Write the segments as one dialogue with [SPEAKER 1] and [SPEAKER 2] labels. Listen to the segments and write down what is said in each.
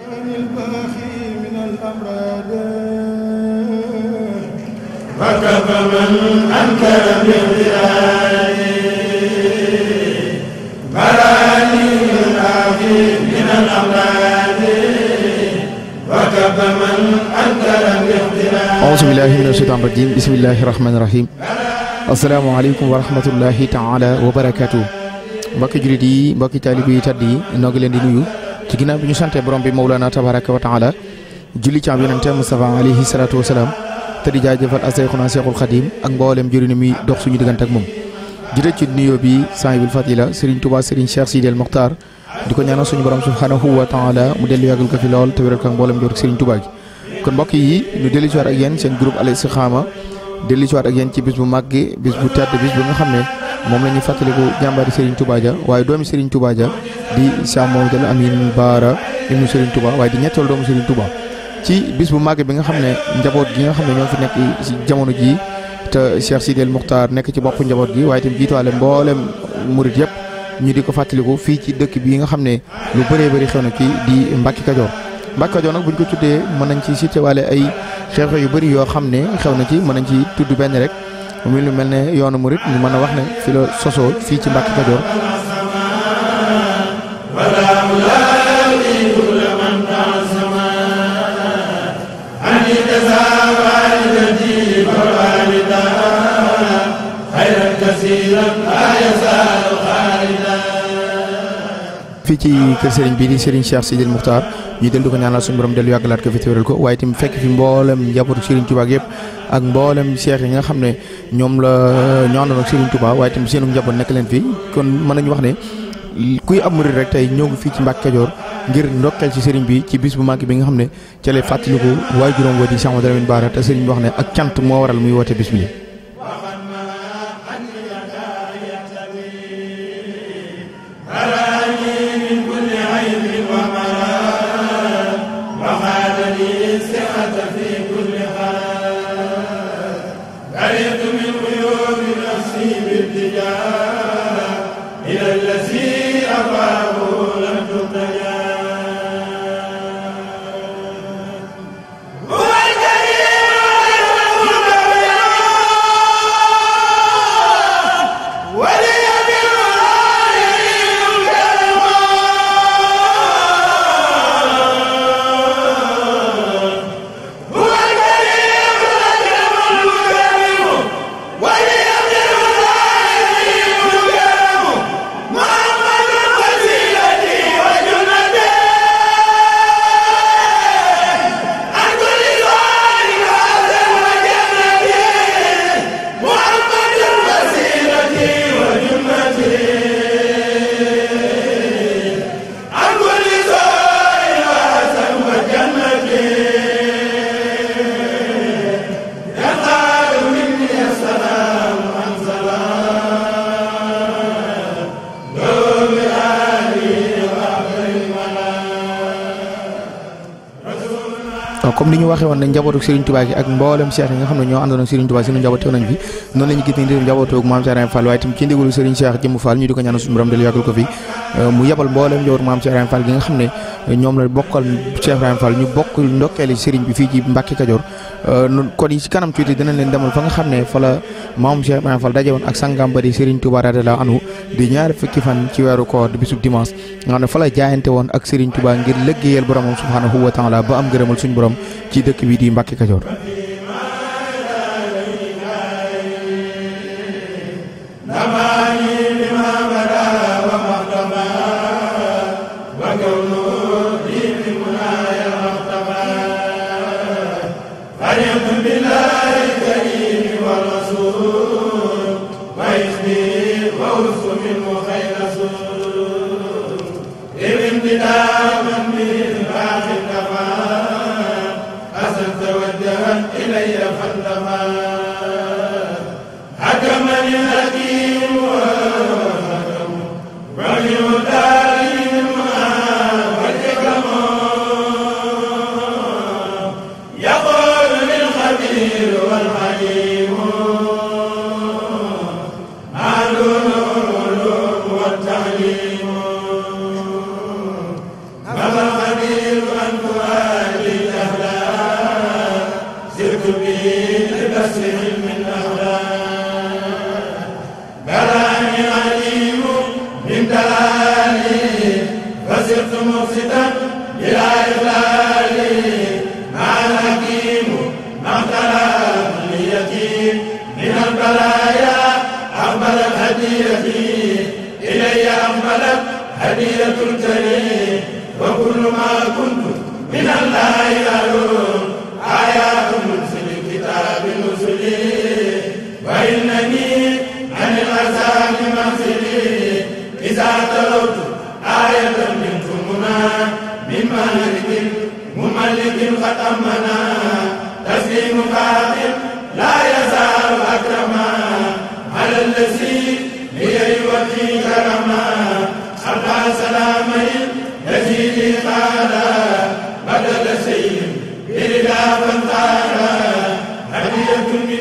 [SPEAKER 1] auzu billaahi mina sheytaani
[SPEAKER 2] rajiim bismillaahi rahmaani rahiim assalaamu aleykum wa rahmatullaahi taala wa barakaatu mbokki jullit yi mbokki taalibe yi tàdd yi noo ngi leen di nuyu ci ginnaaw bi ñu santee borom bi Mawlana tabaraka wa taala julli ci am yonente Mustafa alayhi salaatu te di jaajëfal asayxuna Seexul Xadim ak mboolem jëriñu mi dox suñu diggante ak moom jërëjëf ci nuyoo bi sahibul fatila Serigne Touba Serigne Cheikh Sidi El Mokhtar di ko ñaanal suñu borom subhanahu wa taala mu dellu yàggal ko fi lool te wéral ko ak mboolem jor Serigne Touba gi kon mbokk yi ñu dellu ci ak yéen seen groupe Al Istikhama dellu ci waat ak yéen ci bis bu màgg bis bu tedd bis bu xam ne moom la ñuy fàttaliku jàmbaari Serigne Touba Dia waaye doomi Serigne Touba Dia di Cheikh Mouhamadoul Amine Baara ibnu Serigne Touba waaye di ñetteelu doomu Serigne Touba. ci bis bu màgg bi nga xam ne njaboot gi nga xam ne ñoo fi nekk ci jamono jii te Cheikh Sidel Muxtaar nekk ci bopp njaboot gi waaye itam jiituwaale mboolem murit yëpp ñu di ko fàttaliku fii ci dëkk bii nga xam ne lu bëree bëri xew na kii di Mbacke Kajoor Mbacke Kajoor nag buñ ko tuddee mën nañ ci citewaale ay xew yu bëri yoo xam ne xew na ci mën nañ ci tudd benn rek muy lu mel ne yoonu murit mu mën a wax ne fi la sosoo fii ci Mbàkke Kajoor fii ci kër sëriñ bi di sëriñ Cheikh Sidil Muxtaar ñu del di ko ñaanal suñu borom dellu yàggalaat ko fi téwéral ko waaye itam fekk fi mboolem njabootu Serigne Touba yëpp ak mboolem seex yi nga xam ne ñoom la ñoo àndoon ak Serigne Touba waaye itam seenu njaboot nekk leen fii kon mën nañu wax ne kuy am murid rek tey ñëw ngi fii ci Mbacke Kajoor ngir ndokkeel ci sëriñ bi ci bis bu màgg bi nga xam ne ca lay fàttaliku waajuram wa di Cheikh Mouhamadou Lamine te sëriñ bi wax ne ak cant moo waral muy woote bis bi comme ni ñu waxee woon ne njabootu Serigne Touba gi ak mboolem Cheikh yi nga xam ne ñoo àndoon Serigne Touba sunu njaboot teew fi noonu la gis ne njabootu Mame Cheikh Fall waaye tam ci ndigalu Serigne Cheikh Jëmmu Fall ñu di ko ñaanal suñu borom del yàggal ko fi Euh, mu yebal mboolem njabootu maam Cheikh Ibrahima Fall gi nga xam ne ñoom la bokkal Cheikh Ibrahima Fall ñu bokk ndokkeeli sëriñ bi fii ci Mbacke Kajoor euh, kon yi ci kanam tuuti dinañ leen demal fa nga xam ne fa la maam Cheikh Ibrahima Fall daje woon ak sangam bari sëriñ Touba radiyallahu anhu di ñaari fukki fan ci weeru koor di bisub dimanche nga xam ne fa la jaayante woon ak sëriñ Touba ngir liggéeyal boromam subhanahu wa taala ba am gërëmal suñu borom ci dëkk bi di Mbacke Kajoor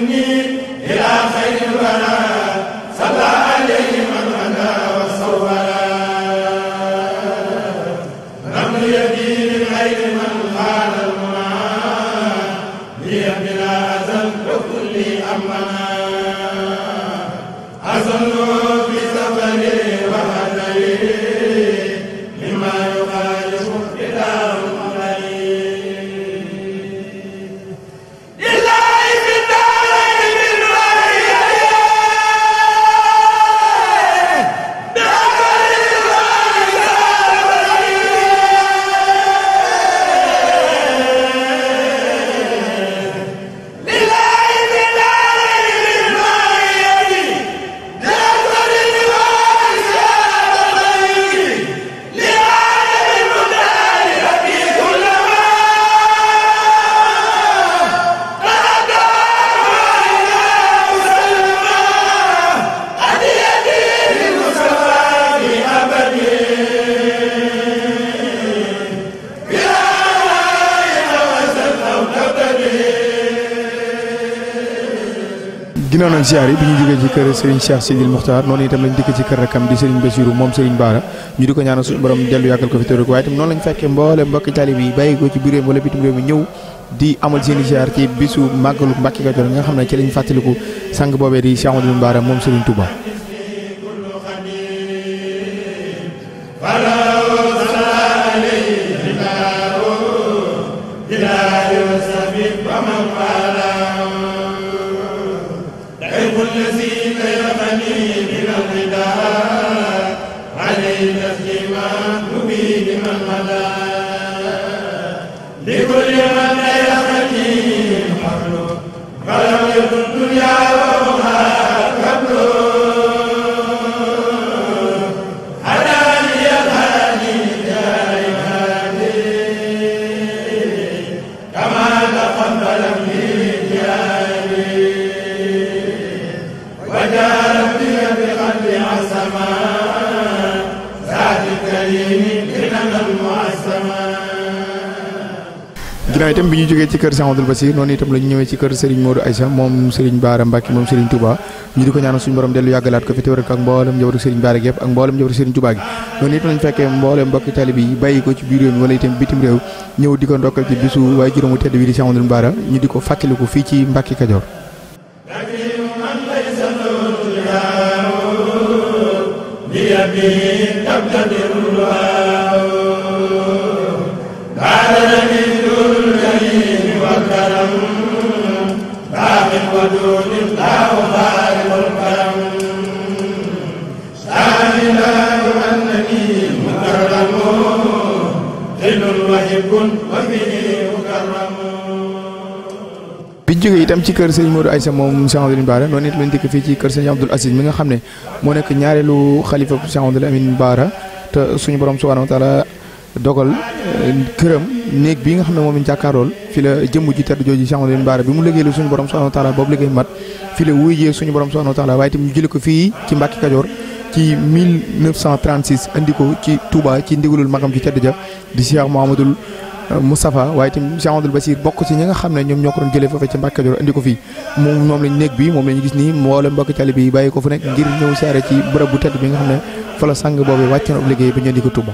[SPEAKER 2] ni ginnaaw nag ziar yi bi ñu jógee ci kër Serigne Cheikh Sidil noonu itam di Serigne Bassirou moom Serigne Bara dellu yàggal ko fi tëdd waaye itam noonu lañ fekkee mboole mbokki taalib yi bàyyi ko ci biir réew bitim réew mi ñëw di amal seen i ci bisu màggalu Mbàkke nga xam ne ci lañ fàttaliku sang boobee di Cheikh Amadou Bara moom Serigne Touba الذي ñëwee itam bi ñu jógee ci kër Cheikh Abdoul Basir noonu itam la ñu ñëwee ci kër Serigne Modou Aïssa moom Serigne Bara Mbacke moom Serigne Touba ñu di ko ñaanal suñ borom dellu yàggalaat ko fi te wéral ko ak mboolem njabootu Serigne Bara gi yëpp ak mboolem njabootu Serigne gi noonu itam lañ fekkee mboolem mbokki taalibe yi bàyyi ko ci biir réew mi wala itam bitim réew ñëw di ko ndokkal ci bisu waaye juróomu tedd wi di Cheikh Abdoul Bara ñu di ko fàttaliku fii ci Mbacke Kajoor
[SPEAKER 1] bi jógee
[SPEAKER 2] itam ci kër sëñ Modou Aïssa moom Cheikh Abdoul Bara noonu it lañ dikk fii ci kër sëñ Abdoul Aziz mi nga xam ne moo nekk ñaareelu xalifa Cheikh Abdoul Amin Bara te suñu borom subhanahu wa dogal euh, këram néeg bi nga xam ne moom lañ jàkkaarool fi la jëmm ji tedd jooju Cheikh bi mu liggéeyal suñu borom subhanahu wa taala boobu liggéey mat fi la wuy jee suñu borom subhanahu wa taala waaye tamit ñu jële ko fii ci Mbàkke Kajoor ci 1936 andi ko ci Touba ci ndigalul magam ji tedd ja di Cheikh Mouhamadoul euh, Moustapha waaye tamit Cheikh Amadou Bassir bokk ci ñi nga xam ne ñoom ñoo ko doon jëlee foofe ci Mbàkke Kajoor andi ko fii moom moom lañ néeg bi moom lañu gis nii mboolem mbokki tali bi bàyyi ko fu nekk ngir ñëw saare ci bërëb bu tedd bi nga xam ne fa la sàng boobu wàcc na liggéey ba ñu andi ko Touba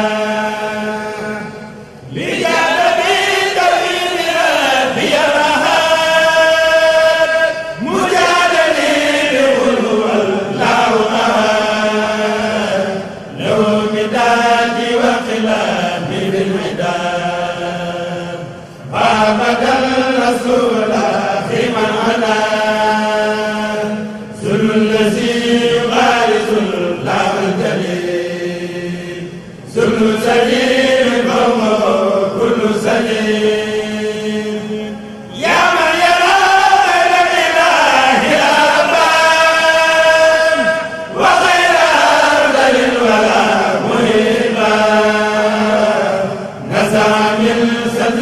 [SPEAKER 2] bi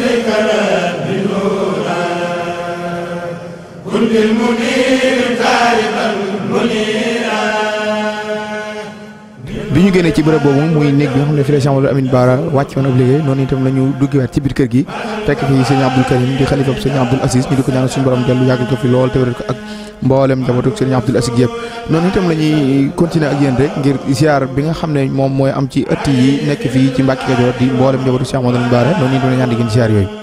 [SPEAKER 2] ñu génnee ci bërëb boobu muy néeg bi nga xam ne fi la Cheikh Amadou Amine Bara wàcc woon ab liggéey noonu itam la ñu duggiwaat ci biir kër gi fekk fi sëñ Abdoul Karim di xalifam sëñ Abdoul Aziz ñu di ko ñaanal suñu borom dellu yàggal ko fi lool te wéral ko ak mboolem njabootug sëriñ Abdoul Aziz yëpp noonu itam la ñuy continuer ak yéen rek ngir ziar bi nga xam ne moom mooy am ci ëtt yi nekk fii ci Mbàkke Kajoor di mboolem njabootug Cheikh Mouhamadou Bara noonu itam la ñu ànd ak yooyu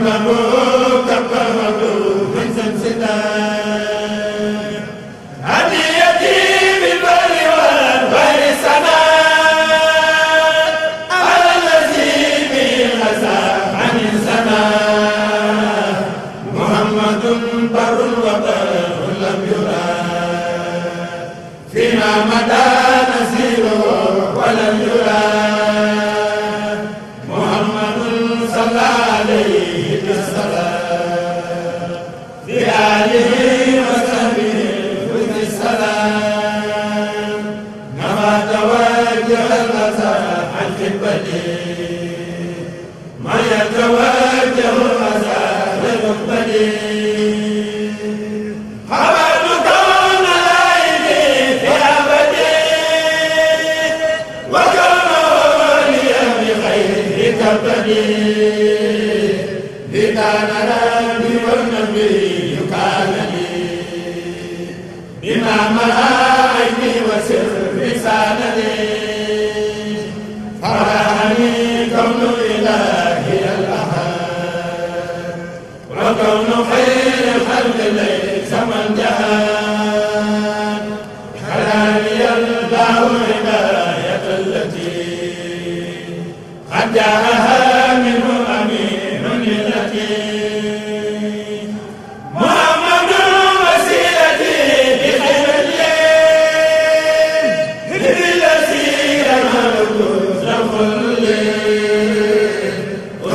[SPEAKER 1] Bamba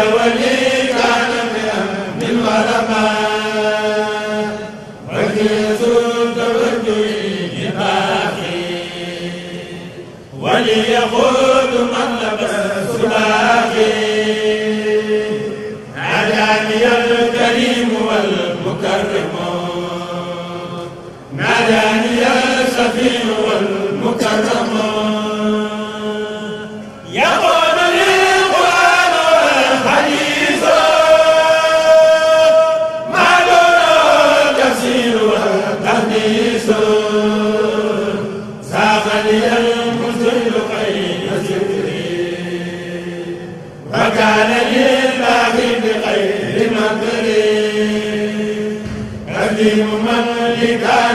[SPEAKER 1] ولي كان من ولما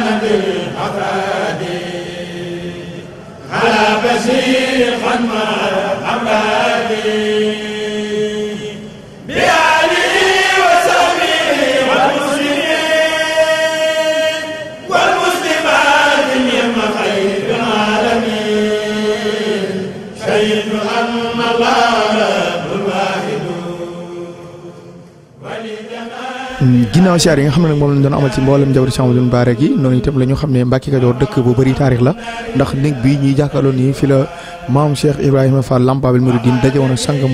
[SPEAKER 1] كان بالعطاء على بسيط ما أبادي
[SPEAKER 2] ginnaaw siyaar yi nga xam ne nag moom lañ doon amal ci mboolem njabootu Cheikh Amadou Bara gi noonu itam la xam ne Mbacke Kajoor dëkk bu bëri taarix la ndax néeg bi ñuy jàkkaarloo nii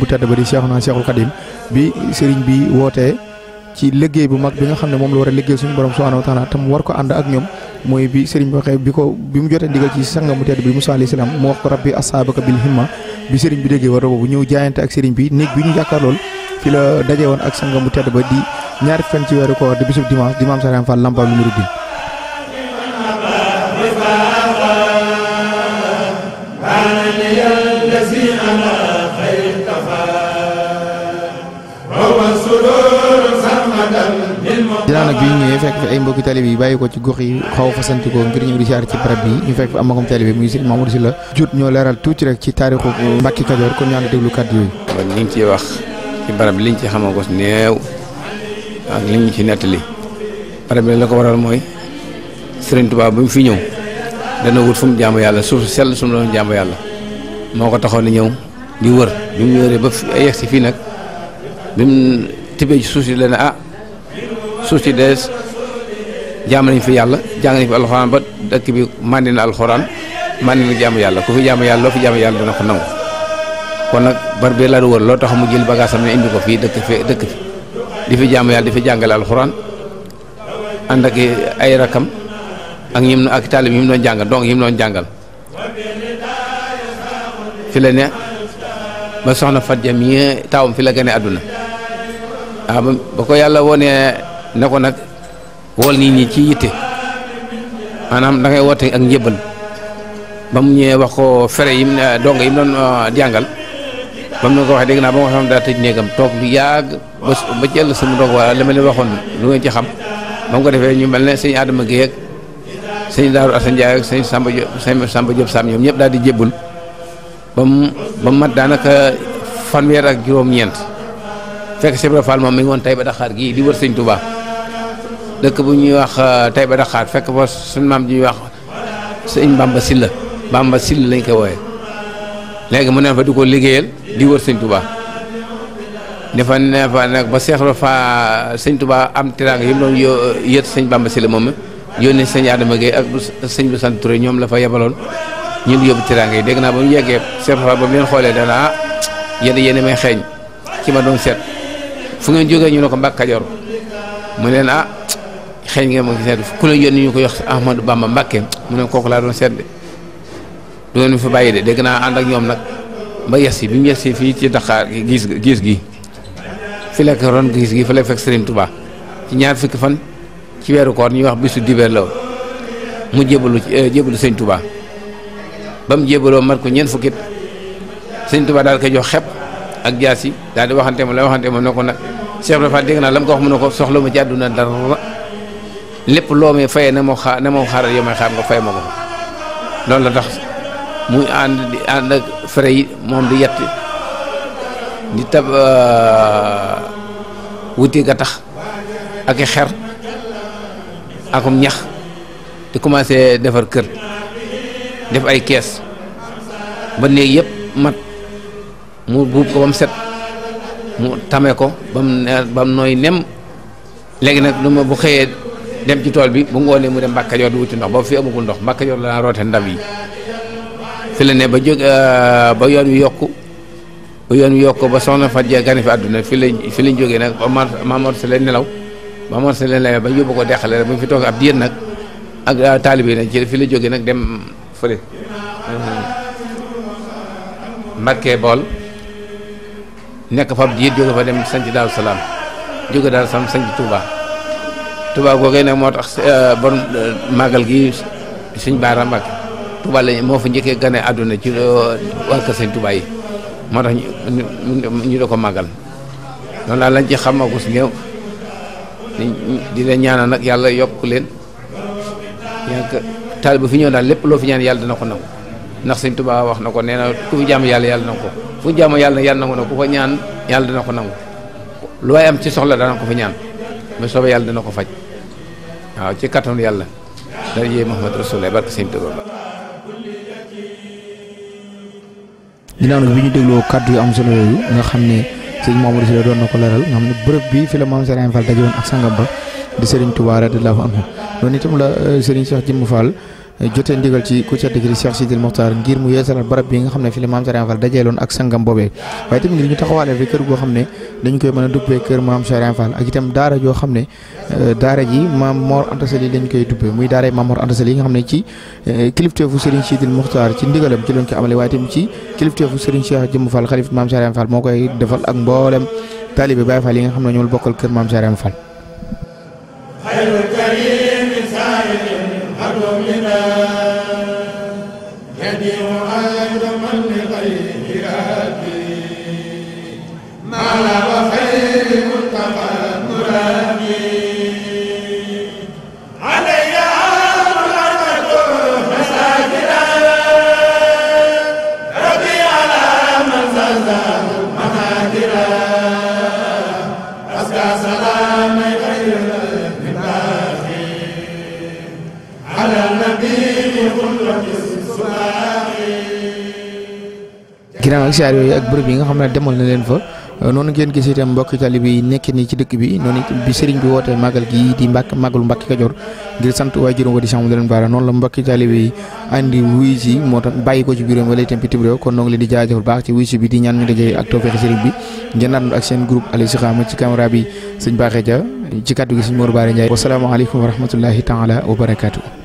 [SPEAKER 2] bu tedd ba di xam ne moom la war a liggéey suñu borom subhanahu wa taala tam war ko ànd ak ñoom mooy bi sëriñ ko mu jotee ndigal ci sangam bi Moussa alayhi salaam mu bil himma bi sëriñ bi déggee war boobu ñëw jaayante ak sëriñ bi néeg bi ñu jàkkaarlool fi la daje woon ak sangam mu tedd ba di ñaari fan ci weeru koor di bisub dimanche di maam Sareem Fall Lampa lu Muridin dinaa nag bi ñu ñëwee fekk fi ay mbokki talib bàyyi ko ci gox yi xaw fa sant ko ngir ñëw di siyaar ci barab bi ñu fekk fi am makom talib yi muy Sëriñ Mamadou Sylla jot ñoo leeral tuuti rek ci taarixu Mbàkke Kajoor kon ñaan
[SPEAKER 3] déglu kàddu yooyu ñu ngi wax ci barab bi liñ ci xamagos néew ak liñ ci nettali barab bi la ko waral mooy Sëriñ Tuubaa ba mu fi ñëw dana wut fu mu jaamu yàlla suuf sell su mu doon jaamu yàlla moo ko taxoon ñëw di wër bi mu wëree ba yegg si fii nag bi mu tibbee ci suuf si dana ah suuf si dees jaam nañ fi yàlla jàngi nañ fi alxuraan ba dëkk bi màndi na alxuraan màndi na jaamu yàlla ku fi jaamu yàlla loo fi jaamu yàlla dana ko nangu kon nag bar bi la wër loolu tax mu jël bagage am ne indi ko fii dëkk fi dëkk fi di fi jaamu yàlla di fi jàngale alxuraan ànd ak ay rakam ak ñim ak jàngal donc ne ba soxna Fat Jam yi taawam fi la gane ah, ba ko yàlla wone ne ko nag wool nit ñi ci yitte maanaam da ngay woote ak njëbbal ba mu ñëwee wax ko fere yi yi mu doon ah, jàngal ba mu ne ko waxee dégg xam daa tëj néegam toog lu ba ba ci ëllëg sama doog ma leen waxoon lu ngeen ci xam ba mu ko ñu mel ne sëñ Adama Guèye ak sëñ Daaru sëñ Samba Diop sëñ Samba Diop Sam ñoom ñëpp di jébbul mat daanaka fanweer ak juróom-ñeent fekk Cheikh Ibra Fall moom mi ngi woon Taïba Daxaar gii di wër sañ Touba dëkk bu ñuy wax euh, Taïba Daxaar fekk fa suñ maam ji ñuy wax sëñ Bamba Silla Bamba Silla lañ koy wooyee léegi mu ne fa di ko liggéeyal. di wër sëñ Touba dafa ne fa nag ba seexlu fa sëñ Touba am teraanga yi mu doon yët sëñ Bamba si la moom yónnee sëñ Adama Gueye ak sëñ bu sant ñoom la fa yebaloon ñu yóbbu teraanga yi dégg naa ba mu yeggee ba mu xoolee dana ah yéen yéen may xeeñ ci ma doon seet fu ngeen jógee ñu ne ko Mbàkke Kajoor mu leen ah xeeñ ngeen ma seet ku la yónni ñu ko yox Ahmadou Bamba Mbàkke mu ne kooku laa doon seet de du leen fi bàyyi de dégg naa ànd ak ñoom nag. ba yegsi bi mu yegsi fii ci Dakar gis gis gi fi lekk ron gis gi fi la fekk Serigne tubaa ci ñaar fukki fan ci weeru koor ñuy wax bisu dibeer la mu jébalu euh, jébalu Serigne Touba ba mu jébaloo mat ko ñeent fukki Serigne Touba daal koy jox xepp ak jaas yi daal di waxante ma la waxante ma ne ko nag Cheikh Ibra Fall dégg naa la mu ko wax mu ne ko soxla ma ci àdduna dara lépp loo may fayee na ma xaar na ma xaaral yow may xaar fay ma ko loolu la tax. mu ànd di ànd ak fere yi moom di yett di tab euh, wuti gattax ak i xer akum ñax di commencé defar kër def ay kees ba néeg yëpp mat mu buub ko ba mu set mu tame ko ba mu ba mu nooy nem léegi nag lu bu xëyee dem ci tool bi bu ngoonee mu dem Mbàkke Kajoor di wuti ndox boobu fi amagul ndox Mbàkke Kajoor la daan roote ndab yi fi ne ba jóg euh, ba yoon wi yokku ba yoon wi yokku ba soxna Fatou Ndiaye gane fi àdduna fi lañ fi lañ jógee nag ba ma Maamor Sele nelaw Maamor Sele nelaw ba yóbbu ko deqale rek bu fi toog ab diir nag ak euh, yi nag ci fi la jógee nag dem fële mhm. nekk fa ab diir jóge fa dem sanc Daaru Salaam jóge Daaru Salaam sanc Touba Touba moo tax euh, bon màggal gi suñ baaraam Mbakke Touba moo fa njëkkee gane àdduna ci euh, waa Kër Sëñ Touba moo tax ñu ñu ko màggal noonu daal lañ ci xamagu si néew di leen ñaanal nag yàlla yokk leen yàgg taal fi ñëw daal lépp loo fi ñaan yàlla dina ko nangu ndax Sëñ Touba na ko nee na ku yàlla yàlla na ko fu jaamu yàlla yàlla nangu na ku ko ñaan yàlla dina ko nangu ci soxla dana ko fi ñaan mu soobee yàlla dina ko faj waaw ci kattanu yàlla dara yéey Muhammad Rasulullah barke Sëñ Touba
[SPEAKER 2] ginnaaw nag bi ñu dégloo kàddu yu am solo yooyu nga xam ne sëñ Mamadou Sylla doon na ko leeral nga xam ne bërëb bi fi la maam Serigne Fall daje woon ak sangam di Serigne Touba radiyallahu anhu noonu itam la euh, Serigne Cheikh Jim Fall jotee ndigal ci ku tedd ki di Cheikh ngir mu yeesalal barab bi nga xam ne fi la maam Serigne Fall dajeeloon ak sangam boobee waaye tamit ngir ñu taxawaalee fi kër goo xam ne dañ koy mën a dubbee kër maam Serigne Fall ak itam daara xam ne euh, daara ji maam Mor Anta Sali lañ muy daara maam Mor Anta xam ne ci euh, kilifteefu Serigne ci ndigalam ci lañ ko amale waaye tamit ci kilifteefu Serigne Cheikh Jëmm Fall xalif maam Serigne Fall moo koy defal ak mboolem taalibe Baye Fall yi nga xam ne ñoom bokkal ak siyaar yooyu ak bërëb yi nga xam ne demal na leen fa euh, noonu ngeen gis itam mbokki talib yi nekk nii ci dëkk bi noonu bi sëriñ bi wootee màggal gi di mbàkk màggalu Mbàkke Kajoor ngir sant waaye juróom wa di sàmm ko ci biiram wala itam bitim réew kon noo ngi leen di jaajëfal baax ci wuy si bi di ñaan ñu dajee ak tawfeexi sëriñ bi ngeen ànd ak seen groupe Al Istikhama ci caméra bi sëñ Baaxee Ja ci kàddu gi sëñ Mor Baare Ndiaye wasalaamaaleykum wa rahmatullahi taala wa barakaatu